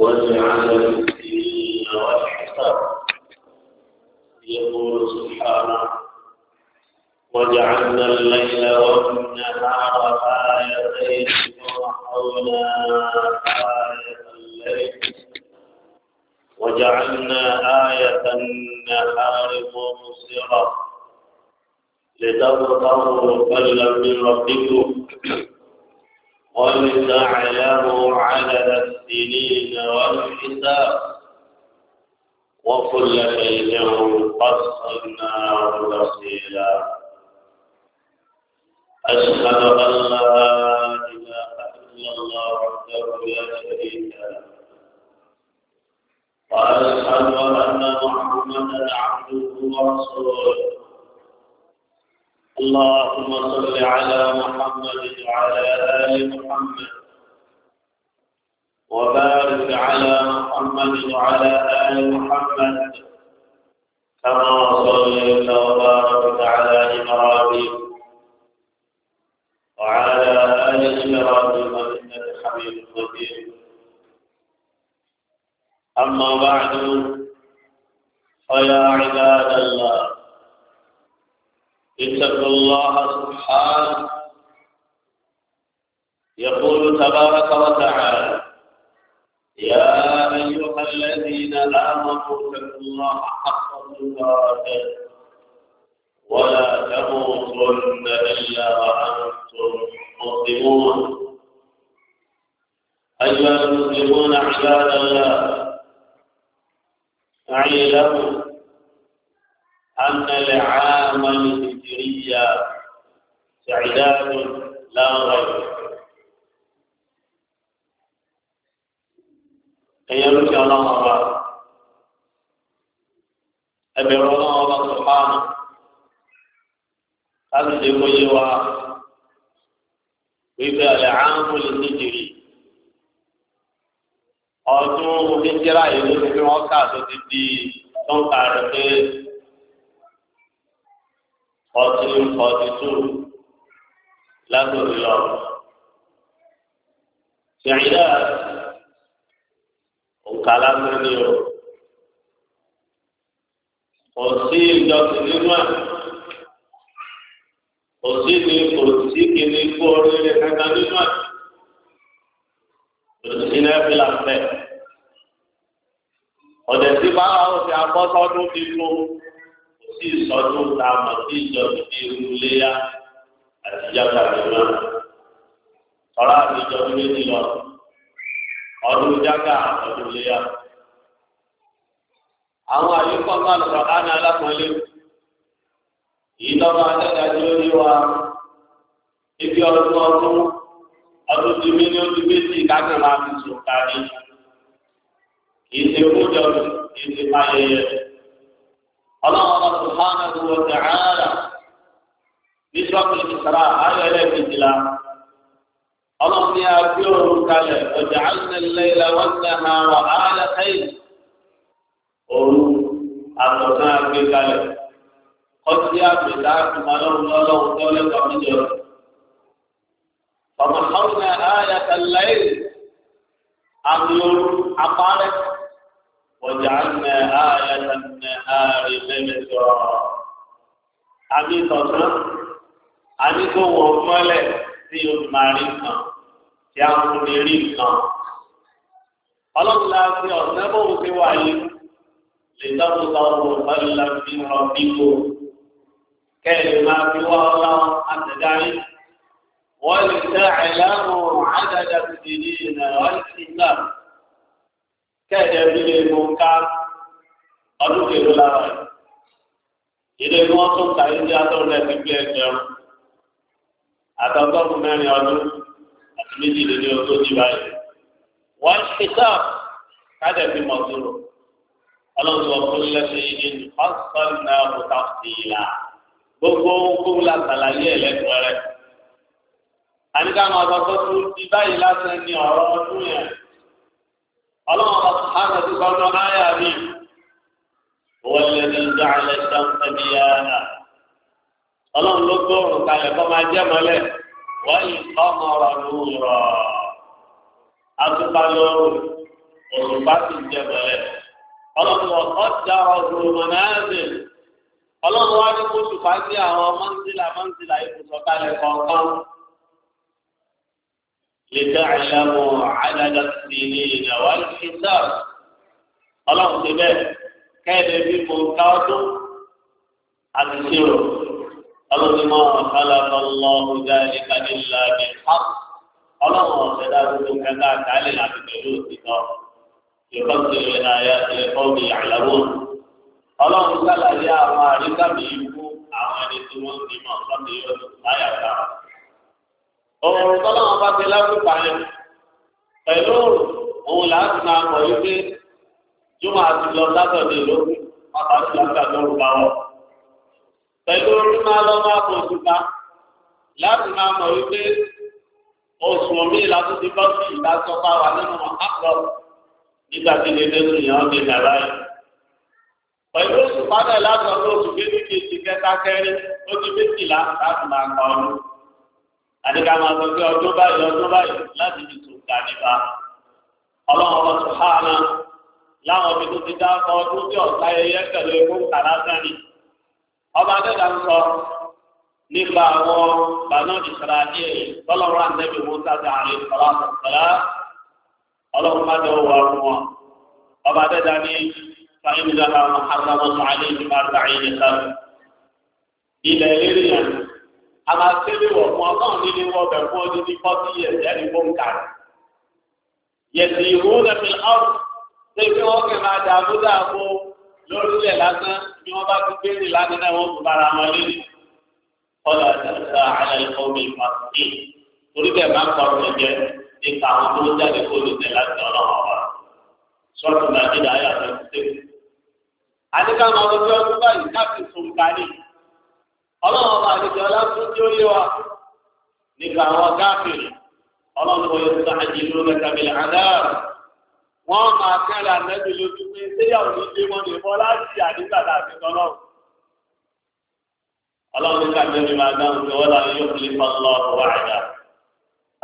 وجعل الدين وجعلنا الليل والنهار آيتين ومحونا آية الليل وجعلنا آية النهار مبصرة لتبتغوا فضلا من ربكم قد عدد السنين والحساب وكل شيء قصرناه تفصيلا أشهد أن لا إله إلا الله وحده لا شريك له وأشهد أن محمدا عبده ورسوله اللهم صل على محمد وعلى آل محمد وبارك على محمد وعلى آل محمد كما صليت وباركت على إبراهيم وعلى آل إبراهيم إنك حميد مجيد أما بعد فيا عباد الله اتقوا الله سبحانه يقول تبارك وتعالى يا أيها الذين آمنوا اتقوا الله حق تقاته ولا تموتن إلا وأنتم مسلمون أيها المسلمون عباد الله اعلموا أن العام الهجرية سعداء لا غير أيامك الله أبا أبي الله سبحانه أبدي ويوا wípé àlẹ́hàmù lè níjìrì ọdún oníjìrà yìí ló ti fi wọ́n kà tó ti di tó ń kà rẹ̀ pé fourteen forty two látòrí lọ. Ṣèyídà òǹkà lásán ni o. Kò sí ìjọsìn nínú ẹ̀. Kò sí ní kò sí kìíní kú oríire kankan nínú ẹ̀. Kò sí ní ẹ̀fí làǹfẹ̀. Ọ̀dẹ̀ bá wà ó ti abọ́ ti fún sí ìsọdún tá a mọ̀ sí ìjọba ní irú léyà àti Ọ̀rọ̀ àti ìjọba lọ. Ọdún jágà ọdún léyà. Àwọn àyíkọ́ máa ń sọ̀rọ̀ ánà alákọ̀ọ́lé. tí ó ní wa ibi ọdún ọdún ọdún ní ojú méjì kákan máa fi sùn kárí. ọlọ́run subhanahu wa ta'ala bíṣọ́ọ̀bù ìṣẹ̀ra ayọ̀ ẹlẹ́gbẹ̀jìlá ọlọ́run ní abí òru kalẹ̀ ọjà àìsànlẹ̀ ìlàwọ́sẹ̀ hàn wà áyà sẹ́yìn òru àtọ̀tán àgbẹ̀ kalẹ̀ kọ́sí àgbẹ̀dá àtùmọ̀ ọlọ́run lọ́lọ́run tó lẹ́kọ̀ọ́ níjọ. ọmọ àwọn àyà sẹ́lẹ̀ àmì òru àpárẹ̀. وجعلنا آية النهار مبصرا àbí tọ̀sán àbí tó wọ̀ mọ́lẹ̀ tí o máa rí kan tí a kò lè rí kan. ọlọ́run la fi ọ̀sẹ̀ bóun ti wà yìí lè tọ́jú lọ́wọ́ ọ̀la fi ràn bí kò kẹ́lẹ́ máa fi wá ọlá àtẹ̀dárí. wọ́n lè tẹ́ àìláàmù àdàdà tìdí ìrìnà ọ̀sìn náà kẹ́ẹ̀dẹ̀ bí lè mú ká ọdún kèrò lára rẹ̀. ilé ni wọ́n tún ta ilé atọ́rọ̀ ẹ̀sìn bí ẹgbẹ̀rún àtọ́gọ́rùn mẹ́rin ọdún àti méjìléní ọdún ní báyìí. wọ́n ṣe sáà kájẹ̀ fi mọ̀ dúró. ọlọ́run ọkùnrin lẹ́sìn yìí ní pásítọ́ọ̀lù náà kò tá sí i la. gbogbo ohun la sàlàyé ẹ̀lẹ́gbọ̀n rẹ̀. àníkà máa sọ pé ti báyìí lásán ní ọ̀rọ̀ ọdún yẹn ọlọ́run bá sùhánà ti sọ́nà áyà mi wọ́n lè ní ìjà alẹ́ sáńtà bí yára ọlọ́run ló gbóòrùn kalẹ̀ kọ́ máa jẹ́ mọ́lẹ̀ wọ́n yìí ọmọ ọ̀rọ̀ lóòrọ̀ àtúbà lóòrùn òrùbá sì jẹ́ mọ́lẹ̀ ọlọ́run wọ́n kọ́ da ọ̀rùn mọ̀nàáṣẹ́ ọlọ́run wá ní kó sí àwọn mọ́ńsílà mọ́ńsílà ìbùsọ̀ kalẹ̀ kọ̀ọ̀kan. لتعلموا عدد السنين والحساب ọlọ́run ti bẹ́ẹ̀ kẹ́ẹ̀dẹ́ bí mo ká ọdún àti ṣírò ọlọ́run ti máa ọ̀kálà lọ́lọ́run jáde kàdínlá ní hàn ọlọ́run ọ̀sẹ̀ dáadọ́dún kẹta àkálẹ̀ láti pẹ̀lú òtítọ́ ìkọ́sílẹ̀ ìlànà ìlẹ̀ fọ́ọ̀mù ìyàlẹ́wò ọlọ́run sálàyé àwọn àríkàmì ikú àwọn ẹni tí wọ́n ti mọ̀ sọ́ọ̀tì yóò láyà ká ọ̀rọ̀ tọ́lọ́wọ́n bá ti lágbèpá yẹn pẹ̀lú òun láti máa mọ̀ yí pé jùmọ̀ àti lọ látọ̀dé lórí pàtàkì látàdé òrùka wọn. pẹ̀lú orí máa lọ máa bọ̀ òṣùpá láti máa mọ̀ yí pé oṣù omi ìlàtún ti bọ́ sí ìdásọ́pá wà nínú àpọ̀ nígbà tí lè lẹ́nu ìyàn lè dàrá yìí. pẹ̀lú oṣù padà látọ̀dé oṣù kékeré kẹta kẹrin ó di méjìlá láti máa kọ ọdún. àdìgá máa sọ pé ọdún báyìí ọdún báyìí láti fi tù ká nípa ọlọ́run ọba tó há láwọn tó ti dá ọkọ ọdún tí ọ̀sá ẹyẹ pẹ̀lú ọba adẹ́gà ń sọ nípa àwọn bàánà ìṣẹ̀lẹ̀ adé tọ́lọ́run àtẹ́bí ọlọ́run má wọn ọba ní àmà sílẹ̀ wọ̀ fún ọlọ́run nílé wọ́n bẹ̀ fún ọdún ní fọ́tí yẹ ẹni fún kàrẹ̀. yẹ̀sì ìwú lẹ́fì ọ́f ṣé kí wọ́n kì máa dààmú dààmú lórílẹ̀ lásán bí wọ́n bá ti béèrè lánàá náà wọ́n tún bára wọn lé ọ̀là ìṣẹ̀lẹ̀ àlẹ́ ìfọ́ mi fà sí torí bẹ́ẹ̀ máa ń pa ọ̀rọ̀ jẹ nípa àwọn tó ń jáde kó lè tẹ̀ láti ọlọ́run ọlọ́run ọba àdìjọ aláàbò tí ó yé wa nípa àwọn káfíìn ọlọ́run ọba yóò sá àjì ìlú mẹ́ta mílẹ̀ àdáàr wọ́n máa kẹ́lẹ̀ àmẹ́bí lójú pé séyàwó ló dé wọn nìbọn láti àdìgbà láti tọ́lọ́run ọlọ́run ká lórí máa dáhùn pé wọ́n láti yóò fi fa ọlọ́run wá àjà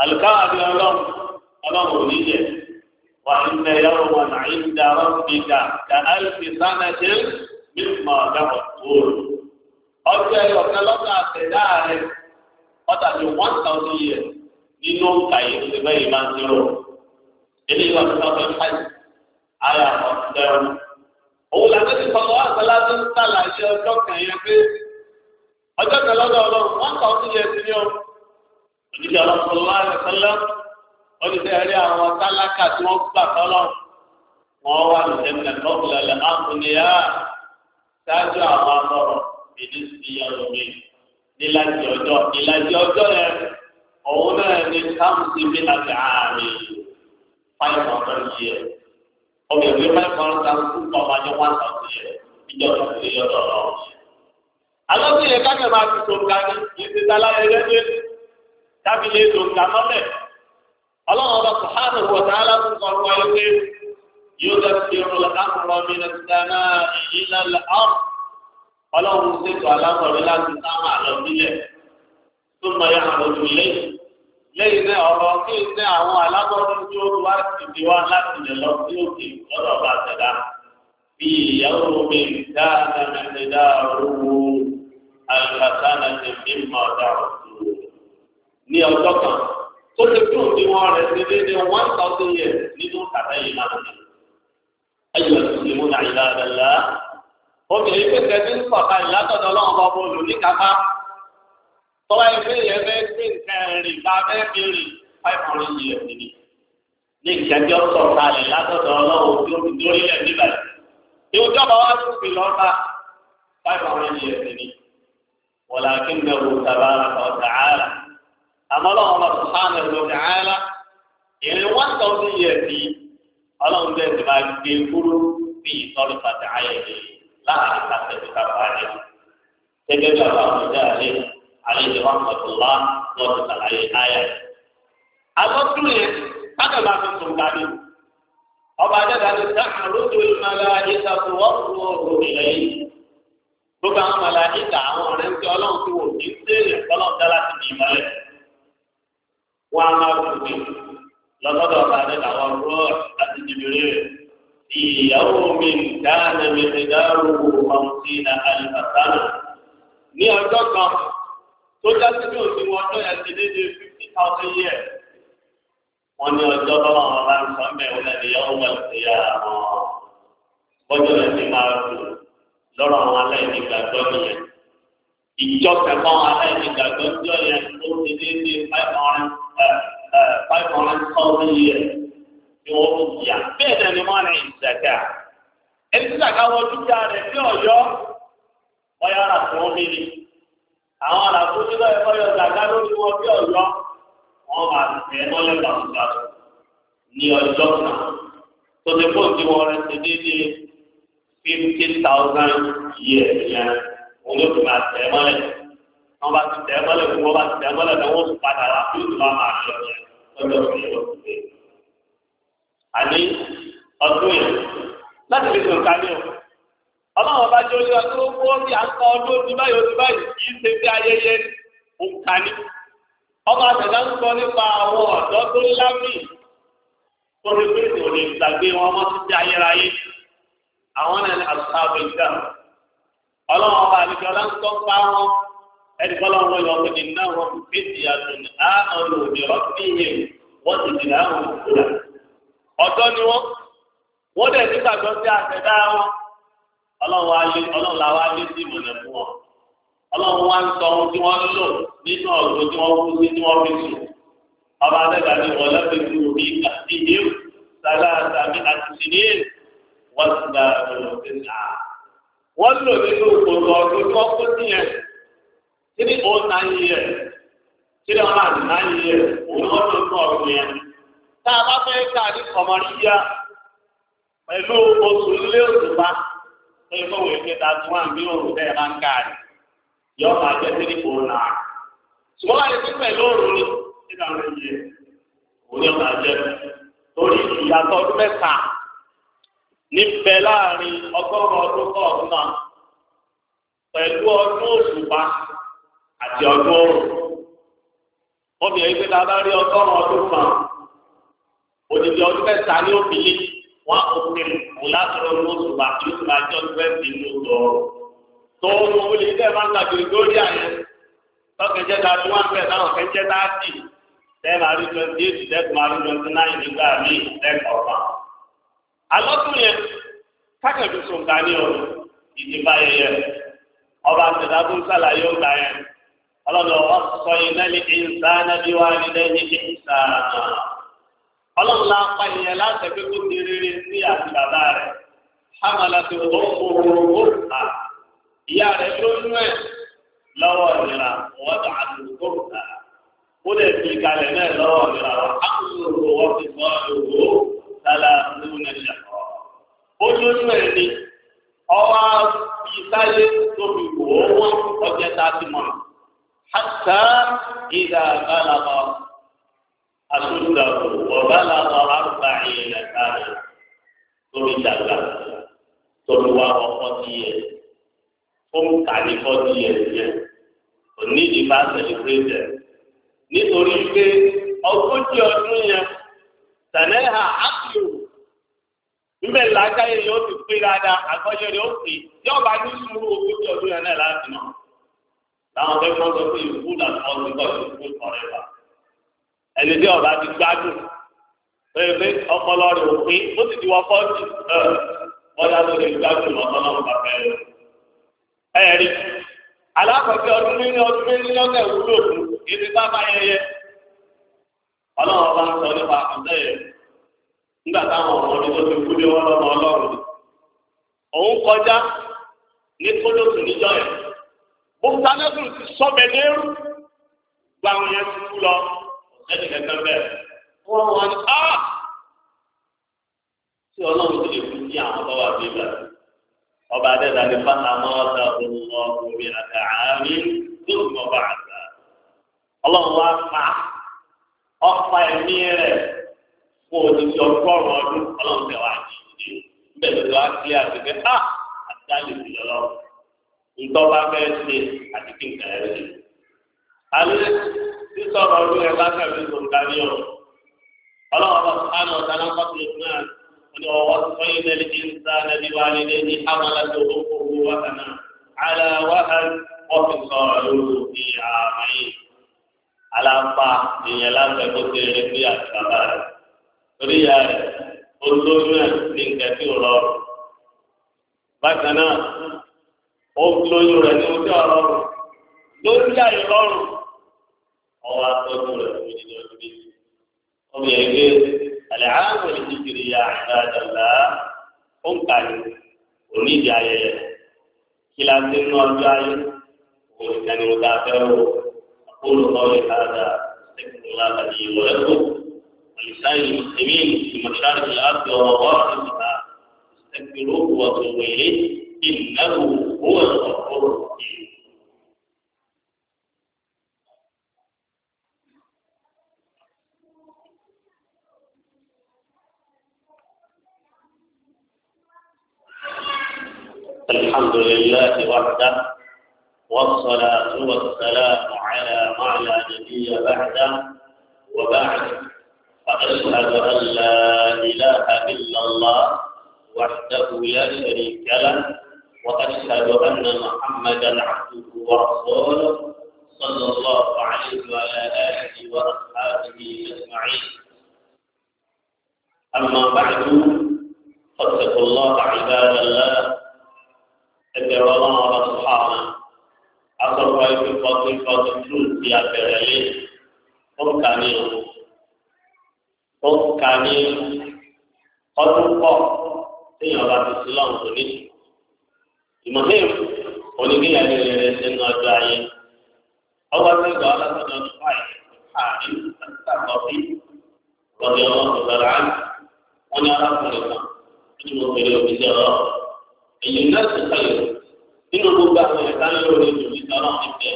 àlùkáwà bí ọlọ́run ọlọ́run ò ní yẹ wà nínú ẹ̀yàwó ọjọ́ ẹyọ kan lọ́sọ̀ àtẹ̀dá rẹ̀ ọ̀tà ní one thousand years nínú kàyé ṣe bẹ́ẹ̀ máa ń dúró. eléyìí wà fún ọjọ́ ìfàyè ara ọ̀sẹ̀rù. òun làbẹ́ ti fọwọ́ àgbàlá tó ń sàlàyé ọjọ́ kan yẹn pé ọjọ́ kan lọ́dọ̀ ọlọ́run one thousand years ni òjijì wà rí àwọn tálákà tí wọ́n gbà wọ́n wà èdè sí ọ̀rọ̀ mi níláàjì ọjọ́ ìlàjì ọjọ́ yẹn òun náà ní sáàmùsì mi láti ààrẹ five thousand year ọbẹ̀ ìwé five thousand two thousand one thousand year ìjọba ìṣẹ̀lẹ̀ ọ̀dọ̀ ọ̀rọ̀ alọ́sí yẹn kákẹ́ máa fi tòǹkà ní ìdí sáláyé lẹ́gbẹ́ tábí lè tòǹkà mọ́lẹ̀ ọlọ́run ọba sùhánù wọ̀tá alákùnkọ̀ ọ̀rọ̀ ayé pé yóò dá sí ọ̀rọ̀ àkùnrin ọ̀mìnà sí dáná ìyílẹ̀ ọ̀rọ̀ ọlọ́run ṣètò alámọ̀rẹ́ láti sáàmà lọ sílẹ̀ tó mọ ya àlọ́jù lẹ́yìn lẹ́yìn náà ọ̀rọ̀ kí n ní àwọn alámọ̀rẹ́ tí ó wá síbi wá láti lè lọ sí òkè lọ́dọ̀ bá tẹ̀dá bí ìyàwó mi dá ẹni dá owó àlùfáà náà ti fi mọ̀ ọ̀dà ọ̀tún ní ọjọ́ kan tó ti kú òdiwọ̀n rẹ̀ ti dé ní one thousand years nínú kàtà yìí náà ni ayé ìlú ìmúna ìlànà obìnrin pé kẹ́tí ń pọ̀ ká ìlàtọ̀dọ̀ ọlọ́run bá bó lò níkàtà tọ́wá ẹgbẹ́ yẹn fẹ́ gbé nǹkan rìn bá fẹ́ fi rìn five hundred years nìyí ní ìṣẹ́jú ọ̀sọ̀ kalẹ̀ látọ̀dọ̀ ọlọ́run tí ó fi dórí ẹ̀ níbẹ̀ tí ó jọba wá sí ìpìlọ̀ ọba five hundred years nìyí wọ̀lá kí n bẹ̀rù sábà ọ̀tà àmọ́ ọlọ́run bá sùn sáà nẹ̀rù ọ̀tà láàrin kàtẹ́bí kápá rẹ̀. Gẹ́gẹ́ bí àwọn àwùjọ àlẹ́ àlẹ́ ìjọba ọ̀tọ̀lá wọn ti sàlàyé ayà. Àlọ́tú yẹn kájọ bá fi sùn gàdú. Ọba Adéga ni sàkàlódò ìmọ̀lá ìsàkó ahịa ọ̀rọ̀ ilẹ̀ yìí. Gbogbo àwọn àwọn ọ̀rẹ́ ọlọ́run wò ní ọlọ́run dá láti ìmọ̀lẹ̀. Wọ́n á máa mí lọ́sọ́dọ̀ ọba Adéga láti jìbìrì rẹ̀. في يوم كان مقداره خمسين ألف سنة ní ọjọ́ kan tó jáde ní òsínwó ọjọ́ yẹn ti dédé fifty thousand years wọ́n ní ọjọ́ báwọn ọmọ bá ń sọ mẹ́ wọlé ìyàwó wọlé ìyá àwọn bọ́jọ́ yẹn ti máa dùn lọ́rọ̀ àwọn aláìní gbàgbọ́ nìyẹn ìjọ kẹfọ́ àwọn aláìní gbàgbọ́ nìyẹn tó ti dédé five hundred eh, eh, five hundred thousand years ni wọ́n ń yà bẹ́ẹ̀ náà ni wọ́n ní ìdàgà ẹni tí ìdàgà wọ dúkìá rẹ̀ sí ọ̀yọ́ ọ̀yọ́ ara tó ń mímí àwọn ará tó ní lọ́yẹ̀ ọ̀yọ́ ìdàgà lórí wọn bí ọ̀yọ́ wọn máa tẹ̀ lọ́lẹ̀ gbàgbà ní ọjọ́ náà tó ti fún ìdíwọ́ rẹ̀ ti déédéé fifteen thousand years yẹn olóòtú máa tẹ̀ mọ́lẹ̀ wọ́n bá ti tẹ̀ mọ́lẹ̀ wọ́n bá ti tẹ̀ mọ́lẹ̀ náà padà wá fún ìdíwọ́ máa ṣọ̀yẹ̀ ọjọ́ àní ọdún yẹn láti lè sọ̀rọ̀ kálí o ọlọ́run bá jẹ́ olúwa tó ní pé kò lè gbàgbé wọn mọ́ ayérayé àwọn àtúntà ọlọ́run ọba àlejò pa wọn ẹni yọ náà wọn fi àwọn wọ́n ti ọ̀dọ́ ni wọ́n wọ́n dẹ̀ nígbàgbọ́ sí àtẹ̀dá wọn ọlọ́run làwọn alé sí ìmọ̀lẹ̀ fún wọn ọlọ́run wá ń sọ ohun tí wọ́n lò nínú ọ̀rọ̀ tí wọ́n kú sí tí wọ́n fi sùn ọba adẹ́gbà ni wọ́n lẹ́fẹ̀ẹ́ sí orí àtìyé sálá àtàmì àtìsíní wọ́n ti gba ọ̀rọ̀ sí ta wọ́n lò nínú òkòtò ọdún tí wọ́n kú sí yẹn kí ni ó náà yẹ kí ni wọ́n máa náà yẹ tá a bá fẹ́ ká ní kọ̀mọ̀ríyá pẹ̀lú oṣù ilé òṣùpá tó yẹ kó wòye pé ta tún wà ní òòrùn bẹ́ẹ̀ máa ń ká rẹ̀ yọ máa jẹ́ sí ní kòrò ṣùgbọ́n àti pé pẹ̀lú òòrùn ni kí ni àwọn èyí òun yóò máa jẹ́ torí ìyàtọ̀ ọdún mẹ́ta níbẹ̀ láàrin ọgọ́rùn-ún ọdún kọ̀ọ̀kan náà pẹ̀lú ọdún òṣùpá àti ọdún òòrùn. wọ́n fi ẹ̀yìn pé ta bá rí ọgọ́rùn-ún ọdún kan. òdìdí ọdún mẹ́ta ní òbílẹ wọn òfin mùlátọrọ lóṣù bá lóṣù bá jọ twenty ní oṣù ọ̀rọ̀ tó ohun olè ilé máa ń ta àyẹ tọkẹjẹ ta wọn fẹ́ táwọn kẹjẹ tá a dì twenty eight ten àrí twenty nine nígbà míì ten alọ́tún yẹn sọ̀ǹkà ní ọ̀rọ̀ ìdìbò ayẹyẹ ọba sàlàyé ọ̀gá yẹn ọlọ́dọ̀ ọ̀sọ̀ yìí náà ní ìsàn ọlọ́run la pa ìyẹn láti ẹgbẹ́ tó ti rere sí àti bàbá rẹ̀ hamala ti wọ́n kórókó ta ìyá rẹ̀ lóyún ẹ̀ lọ́wọ́ ìlera wọ́n tà á ti kó ta ó lè fi kalẹ̀ náà lọ́wọ́ ìlera wọn á kó lóko wọ́n ti bọ́ lóko tala lóhùn ẹ̀ ṣẹ̀kọ́. ó lóyún ẹ̀ ni ọwọ́ ìsáyé tóbi wò ó wọ́n ọjọ́ ta ti mọ̀ hàtà ìdàgbàlagbà. ọjọ́ rẹ̀ ó sì yóò bá ní sùúrù ogójì ọdún yẹn náà láti nà. Láwọn tó kọ́ sọ pé ìwú làtọ́ ọdún kọ́ sí ìwú kọ̀rẹ́ wa. Ẹni tí ọba ti gbádùn pé ọpọlọ rẹ̀ ò pé ó sì ti wọ fọ́ọ̀tì ọ̀dà tó lè gbádùn lọ́tọ́lọ́mù bàbá rẹ̀. Ẹ rí alákọ̀ọ́kẹ́ ọdún mílíọ̀nù ọdún mílíọ̀nù ẹ̀ wúlò fún ibi bàbá yẹn Ọlọ́run bá ń sọ nípa àkùnjẹ́ yẹn nígbà táwọn ọmọ ọdún tó ti kú lé wọn lọ́mọ ọlọ́run òun kọjá ní kólóòtù níjọ yẹn bùtánẹ́sù ti sọ́bẹ̀ lérú gba àwọn yẹn ti kú lọ ẹnì kẹ̀kẹ́ bẹ́ẹ̀ wọ́n wà ní á ah! tí ọlọ́run ti lè fún ní àwọn ọba wà bí ọba adẹ́ta ní fátamọ́ ọ̀tá ọmọ omi àti àárín ní òun ọba àgbà ọlọ́run wá pa ọ̀pá ẹ̀mí rẹ̀ fún òdìdí ọgọ́rùn-ún ọdún wá sí àgbègbè á ah, àtàlè sí lọ́wọ́ ntọ́ba bẹ́ẹ̀ ṣe àti kí nǹkan ẹ̀ ṣe. alẹ́ sísọ̀rọ̀ ọdún ẹ̀ bá kẹ́mi tó ń darí ọ̀ ọlọ́wọ́ bá sùpánù ọ̀tá náà kọ́tù náà wọ́n ni wọ́n sọ́yìn lẹ́lẹ́ kí n sá lẹ́ni wá nílé ní amọ̀lá tó ń kó owó wá kan náà àlà wáhà ọ̀fìn sọ̀rọ̀ lóru ní àmàyè alápá èèyàn lábẹ́ kó ẹ̀ ní nǹkan tí ò rọrùn bákan náà ó lóyún rẹ̀ ní ojú ọlọ́run lórí àyè lọ́rùn ọwọ́ atọ́jú rẹ̀ fún ìdílé ọdún méjì. ọmọ yẹn gbé àlẹ́ àwọn ìdíjìrì ya àgbàdàgbà ó ń kàlí onídìí ayẹyẹ kíláàsì nínú ọjọ́ ayé òun ìkànnì wọn ta fẹ́ wò olùkọ́ yìí káàdà sẹ́kùnrin láti ìwọ̀lẹ́kùn. ولسائر المسلمين في مشارق الأرض ومغاربها فاستغفروه وتوبوا إنه هو الغفور الرحيم الحمد لله وحده والصلاة والسلام على معنى لا نبي بعده وبعد فأشهد أن لا إله إلا الله وحده لا شريك له وأشهد أن محمدا عبده ورسوله صلى الله عليه وعلى آله وأصحابه أجمعين أما بعد فاتقوا الله عباد الله ẹgbẹ̀rún الله ọba tó رايك wọn asọ̀rọ̀ كل fọ́tí fọ́tí قم ti قم lé قم ń téèyàn bá fi sí lọ́run tó níṣù. ìmọ̀lẹ́yìn oníkéyà ní rere ṣe ń ọjọ́ ayé. ọwọ́ tí ìgbà ọlọ́sọ̀dọ̀ ọdún báyìí ààrí àtàkọ́bí lọ́dẹ ọlọ́sọ̀ lọ́la á wọ́n ní arákùnrin kan tí mo fèrè òbí sí ọ̀rọ̀. èyí náà ti pẹ̀lú nínú gbogbo àwọn ẹ̀ka ń lórí ìdòwì sọ́rọ̀ níbẹ̀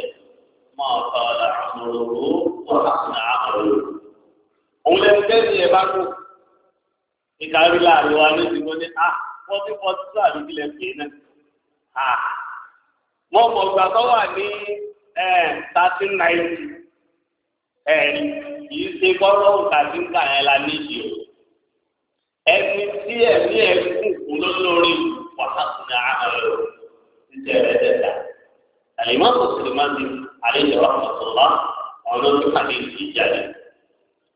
máa kọ́ ọ̀la àmọ̀ròwò wọ́n á ní à wọ́n ti kọ́ sí àdúgbìlẹ̀ pé náà à wọ́n mọ̀ gbà tó wà ní eh, thirteen ninety ẹ̀rí eh, kìí ṣe kọ́rọ́ òkàtí ń kà ẹ̀ la níjì o ẹni tí ẹ̀mí ẹ̀ kù kú lórí wàhálà ààrẹ o ti tẹ̀lé dẹ̀dà àlèmọ́ tó sì máa di àlejò àmọ̀tòlá ọ̀nà tó kàdé ìjáde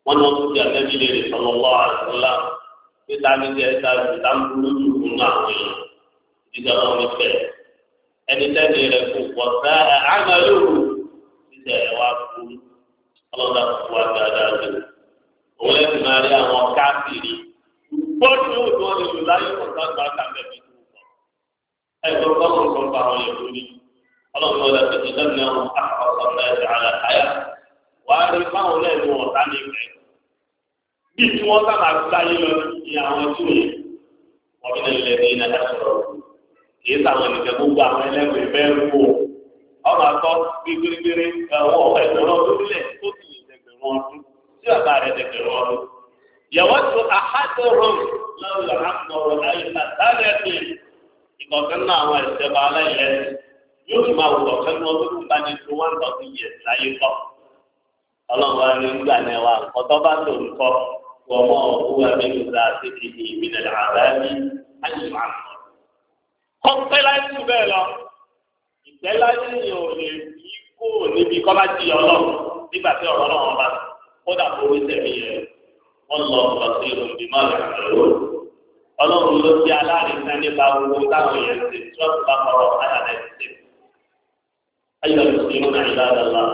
wọn ni wọn tún di àtẹ́bí lè sọ̀rọ̀ lọ́wọ́ àtúnlá. vitamin d ẹta ìta ń burú jù nínú àwọn èèyàn ìdíje ọlọ́run ní fẹ́ ẹni tẹ́lẹ̀ rẹ̀ kò bí tí wọ́n sábà gbáyé lọ ní àwọn tó yẹ ọ̀rọ̀ ilẹ̀ ní ìlànà kìí sàwọn ènìyàn gbogbo àwọn ẹlẹ́wẹ̀ bẹ́ẹ̀ kó ọmọ akọ gbígbérígbéré ọdún tó وما هو من ذاته من العذاب أن يعمر kọ́pẹ́lá ti bẹ́ẹ̀ lọ ìgbẹ́lá yìí ò lè yí kó níbi kọ́ bá ti ọlọ́run nígbà tí ọ̀rọ̀ náà bá kódà kó wí sẹ́mi yẹn wọ́n lọ lọ sí ìròyìn má lè rà lọ́wọ́ ọlọ́run ló ti aláàrin náà nípa owó táwọn yẹn ti tọ́jú bá kọ́rọ̀ ayàlẹ́ ti ṣe. ayélujára ti mú náà ìlànà la náà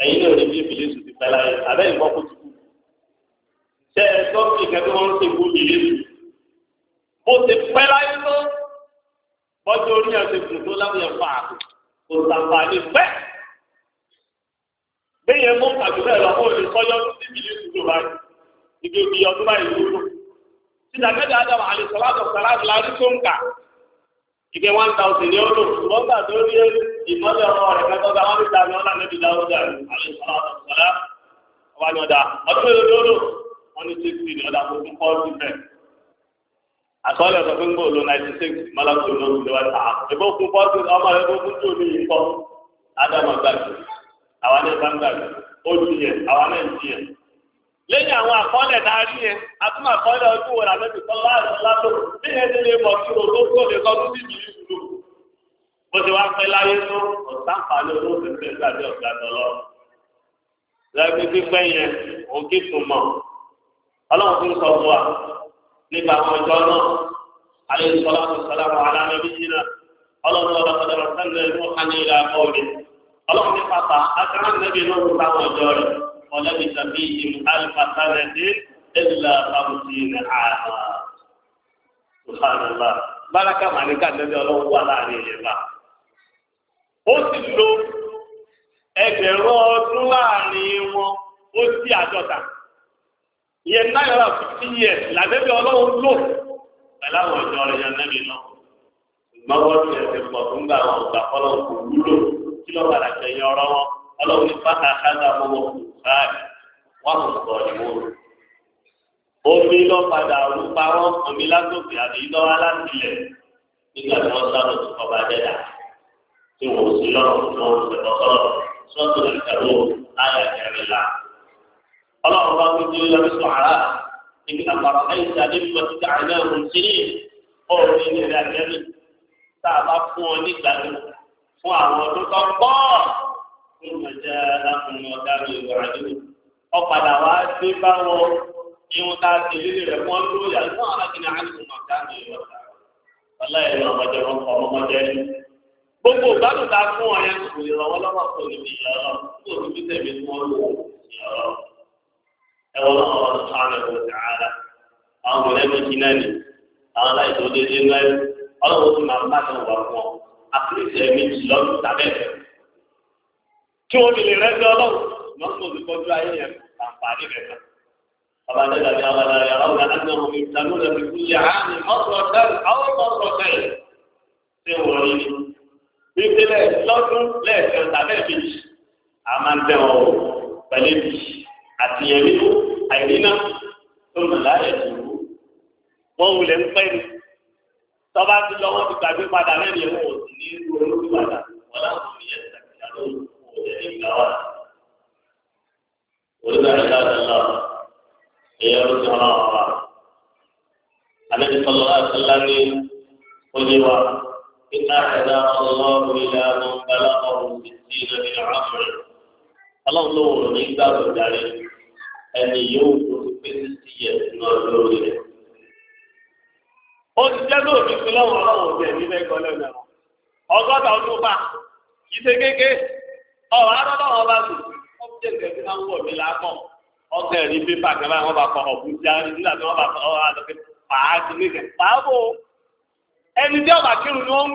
rí bí ìbílẹ̀ sùn láyé àbẹ́ ìwọ́kùn tẹ ẹ gbọ́ tó wọ́n ń kú nìyé mi. bó ti pẹ́ láyé tó bọ́jú orí yẹn kù tó láwùjọ fà á kò sàǹfà ní pẹ́. bẹ́ẹ̀ yẹn mú àdúrà ẹ̀rọ fún òní kọ́jọ́ tó ti bìlí ìdúró ìdí òbí ọdún báyìí ìgbẹ́ one thousand ní ọdún ṣùgbọ́n gbà tó rí ìmọ̀lẹ̀ ọmọ rẹ̀ kẹ́kọ̀ọ́ bá wọn níta ní ọ̀là níbi dáwọ́dà àlùsọ̀látọ̀ sàlámù wọ́n ní sixty ní ọ̀dà tó tún kọ́ọ̀tù bẹ́ẹ̀. àkọọ́lẹ̀ sọ pé ń gbòòlò ninety six mọ́lákò ló ń lọ́wọ́ ta ẹ̀fọ́ fún kọ́ọ̀tù ọmọ rẹ̀ tó fún tòun yìí kọ́ ádámù gbàgbé àwọn náà bá ń gbàgbé ó ti yẹ àwọn náà ti yẹ. lẹ́yìn àwọn àkọọ́lẹ̀ náà rí yẹn àtúmọ̀ àkọọ́lẹ̀ ọdún wo làbẹ́ ti sọ láàrín látó bí yẹn ti lè mọ̀ sí òkókó lè kọ́ tó bíbí ìlú bó ti wá pẹ́ láyé tó ọ̀sánfààní olóòtú ti ń gbàgbé ọ̀gá tọ́lọ́ lẹ́gbẹ́ pípẹ́ yẹn òkè tó mọ̀ ọlọ́run tó ń sọ fún wa nípa àwọn ìjọ náà alẹ́ ìsọlá tó sọlá wọn aláàmì bíyì náà ọlọ́run ọ̀dọ́ ọ̀dọ́ sẹ́lẹ̀ ló hàn ní ìlà ọ̀pọ̀ rẹ̀ ọlọ́run ní pàtà akẹ́rọ nẹ́bí náà ń ta àwọn ìjọ rẹ̀ ọ̀lẹ́bí tàbí ìlú alifasálẹ̀ dé ẹ̀dùlá àbùsí rẹ̀ àná. subhanallah báraka màlíkà nẹ́bí ọlọ́run wà láàrin ìyẹn bá. ó sì lo ẹgbẹ̀rún ọdún láàrin wọn ó sí àjọta yẹn náírà fifty years làbẹ́bí ọlọ́run lò pẹ̀lú àwọn ìjọ rẹ̀ yẹn nẹ́bí náà ṣùgbọ́n wọ́n ti ẹ̀sẹ̀ pọ̀ tó ń gbà wọn gbà fọlọ́ kò wúlò kí ló padà kẹyìn ọ̀rọ̀ wọn ọlọ́run ní pátá kájà fọwọ́ kù báyìí wọ́n kò sọ ìwò rẹ̀. omi lọ padà rúpa wọn omi látòkè àbí lọ́wọ́ alátìlẹ̀ nígbà tí wọ́n sábà tó kọ́ bá dẹ́dà tí wọ́n sì lọ́rùn tí wọ́n sì lọ́ ọlọ́run bá wíjú lórí sọ̀hárà níbi àpàrọ̀ àyíṣà níbi ọtí tá àná ọ̀hún sí ní ọ̀rọ̀ ilé rẹ̀ àjẹ́rì tá a bá fún ọ nígbàdùn fún àwọn ọdún tó pọ̀ fún ìmọ̀jẹ́ alákùnrin ọ̀gá mi ìwà àdúgbò ọ̀padà wá dé bá wọn ìwọ̀n tá a ti lé rẹ̀ fún ọdún lóyà fún alákìnrin àdúgbò ọ̀gá mi ìwà ọláyẹ̀wọ̀n ọmọdé wọn kọ ọmọdé gbogbo ìgbádùn tá a fún ọ yẹn kò lè rọwọ́ lọ́wọ́ kò lè fi ìyàrá kó o fi tẹ̀lé fún ọ lọ́wọ́ ìyàrá ẹwọ́n náà wọ́n sọ àwọn ẹ̀rọ ìtàhálà àwọn mọ̀lẹ́bí ti náà ni àwọn aláìsàn déédéé náà ọlọ́wọ́ ti máa bá tẹ̀ wà fún ọ àkìlẹ̀sì ẹ̀mí jì lọ́dún tàbẹ́ tí wọ́n lè rẹ́gbẹ́ ọlọ́run lọ́sùn olùkọ́jú ayé yẹn àǹfààní rẹ̀ kan. ọba dẹ́gbà ni àwọn ará yàrá wọn láti náà wọn ìtàn ló lẹ́nu kú yàrá ni ọ̀sọ̀ sẹ́yìn àwọn ọ̀sọ̀ sẹ́yìn ṣé wọ́n rí ni. bíbélẹ̀ lọ́dún lẹ́ẹ̀kan tàbẹ́ kejì a máa ń tẹ̀ wọn pẹ̀lẹ́bì àìníná tó nà láyé ìlú wọn wulẹ̀ ń pẹ́ ni tọ́ba ti lọ wọn ti gbàgbé padà lẹ́nu ìwọ̀n òsì ní ìlú olórí padà wọn láwọn ìyẹn ìtàkìyà lórí òjẹ́ ní ìgbà wà. olùdarí dáadáa lọ ẹ̀yẹ ló ti ọ̀nà ọ̀fà alẹ́bí sọlọ àtàlá ní oye wa iná ẹ̀dá ọlọ́run ilé àwọn balá ọ̀run ti sí ìlú ní àmúrẹ̀ ọlọ́run ló wọ̀ ní gbàgbọ́ darí. ẹni yóò tó pé títí yẹ lọ lórí rẹ̀. ó ti jẹ́ lóòótọ́ pé lọ́wọ́ lọ́wọ́ òbí ẹ̀mí lẹ́kọ̀ọ́ lẹ́nu ẹ̀rọ. ọgọ́ta ọdún bá ìṣe kéke ọ̀rọ̀ bá ó ti jẹ́ fún lápọ̀ ẹ̀rí wọn bá kọ bá kọ ọ̀rọ̀ pàá ti ní kẹ pàá bò ẹni tí ọba kírun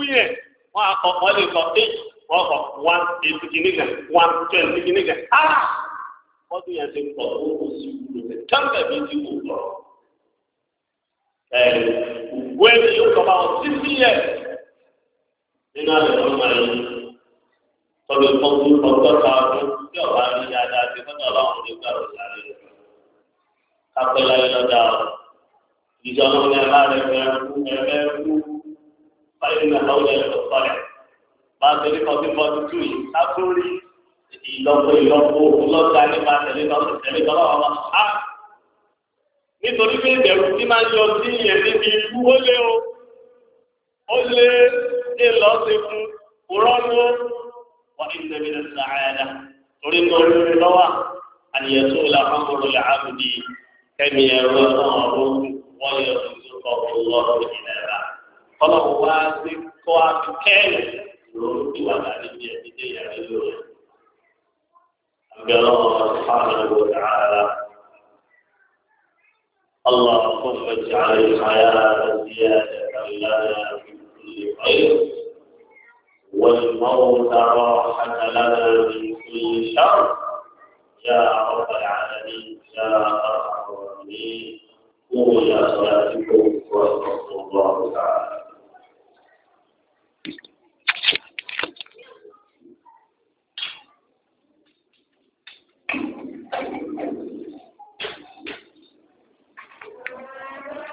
ni ń kọ wọ́n tún yẹn ti pọ̀ owó kò sí wúlò rẹ̀ kẹ́mẹ̀ mi ti wò pọ̀. Ẹ̀ẹ́d òwú ẹni yóò kọ́ bá wọn títí yẹ nínú àlẹ́ wọn máa yẹ tọ́lú tọ́jú ọgọ́ta ọdún tí ọ̀bá rí dáadáa ti tọ́jú ọlọ́run ní gbàrú sáré rẹ̀. Kápẹ́lá yìí lọ́jà ọ̀ ìjọ náà ní aláàrẹ̀ fẹ́ kú ẹ̀fẹ́ kú báyìí àtàwọn ẹ̀rọ sọ̀rẹ̀ bá a ti rí kọ́ńtínfọ́ńtì tù yìí ìlọ́pọ̀ ìlọ́pọ̀ ìlọ́ta nípa tẹ̀lé tẹ̀lé tọ́lọ́ ọmọ a. Ah! nítorí pé ìbẹ̀rù tí máa yọ sí ìyẹn níbi ikú ó lé o ó lé ní lọ́ọ̀sì fún kúrọ́ọ̀lù wọ́n ti tẹ̀lé ní sàáyàdá torí ní orí lọ́wọ́ àníyàn tó la fún kúrò lè ábùdí kẹ́mi ẹ̀rọ náà ọ̀rọ̀ wọ́n yẹ kó ọ̀rọ̀ ìlera kọ́lọ̀ wá sí kó a tún kẹ́ẹ̀lì lórí ìwà láti bí ẹ̀ قال الله سبحانه وتعالى اللهم اجعل الحياة زيادة لنا في كل خير والموت راحة لنا من كل شر يا رب العالمين يا رب العالمين قولوا إلى صلاتكم ورحمة الله تعالى